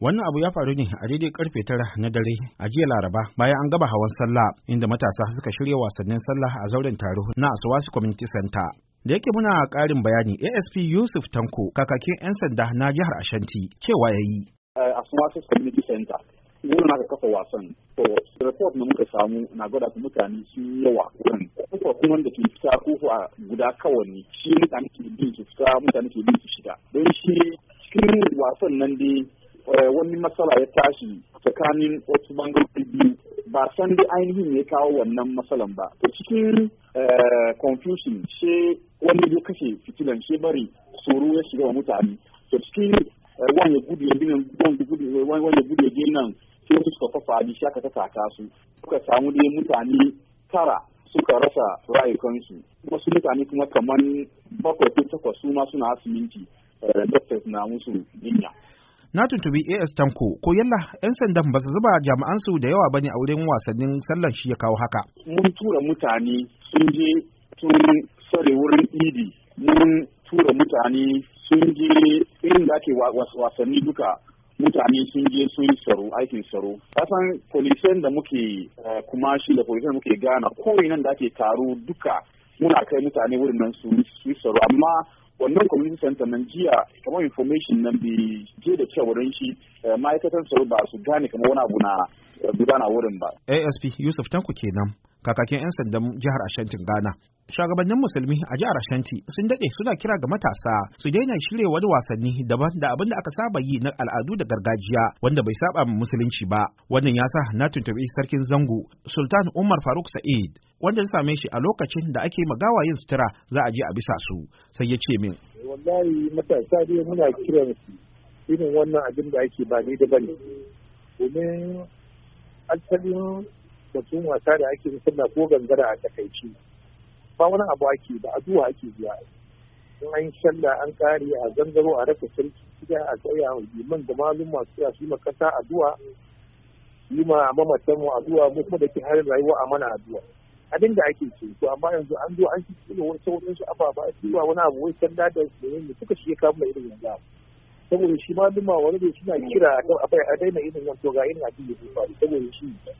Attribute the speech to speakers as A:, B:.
A: Wannan abu ya faru ne a daidai karfe tara na dare a jiya Laraba bayan an gaba hawan sallah inda matasa suka shirya wasannin sallah a zauren taro na Aswasu Community Center. da yake muna karin bayani asp yusuf tanko kakakin 'yan sanda na jihar ashanti cewa ya yi
B: eh, asmasis community center na ka kafa wasan to report na muka samu na gwada ku mutane sun yawa wurin kuma kuma da ke fita ko a guda kawai shi mutane ke bin su fita mutane ke bin su shiga. don shi cikin wasan nan dai Eh, wani matsala ya tashi tsakanin wasu bangarori biyu ba san dai ainihin ya kawo wannan matsalan ba to cikin eh, confusion she wani ya kashe fitilan she bari tsoro ya shiga wa mutane to cikin eh, wani ya gudu ya gina wani ya gudu ya je sai su suka fafa ta taka su suka samu dai mutane tara suka rasa rayukansu wasu mutane kuma kamar bakwai ko takwas su ma suna asiminti doctors na musu jinya
A: na tuntubi as tanko ko yalla yan sandan ba su zuba jami'an da yawa bane a wurin wasannin sallan shi ya kawo haka
B: mun tura mutane sun je sun sare wurin idi mun tura mutane sun je irin da ake wasanni duka mutane sun je sun tsaro aikin tsaro kasan polisiyan da muke eh, kuma shi da polisiyan da muke gana ko nan da ake taro duka muna kai mutane wurin nan su tsaro amma wannan community center nan jiya kamar information nan bi je da cewa wurin shi eh, ma'aikatan tsaro ba su gane kamar wani abu na eh, gudana wurin ba
A: asp yusuf tanku kenan kakakin 'yan sandan jihar ashantin ghana Shugabannin musulmi a jihar Ashanti sun daɗe suna kira ga matasa su daina shirya wani wasanni daban da abin da aka saba yi na al'adu da gargajiya wanda bai saba musulunci ba. Wannan ya sa na tuntuɓi sarkin zango Sultan Umar Faruk Sa'id wanda ya same shi a lokacin da ake magawa yin sutura za a je a bisa su sai ya ce min.
C: Wallahi matasa dai muna kiran su irin wannan abin da ake ba ni da bane. Domin asalin batun wasa da ake musamman ko gangara a takaici. ba wani abu ake ba addu'a ake zuwa in an sallah an kare a zangaro a raka sarki gida a tsaya a liman da malum masu su ma kasa addu'a yi ma mamatan mu addu'a mu kuma da ke harin rayuwa a mana addu'a abin da ake ce to amma yanzu an zo an ci da wani sauran su ababa a cewa wani abu wai sanda da ne suka shi ya kama irin yanzu saboda shi malum ma wani suna kira a a daina irin yanzu ga irin abin da ke faru saboda shi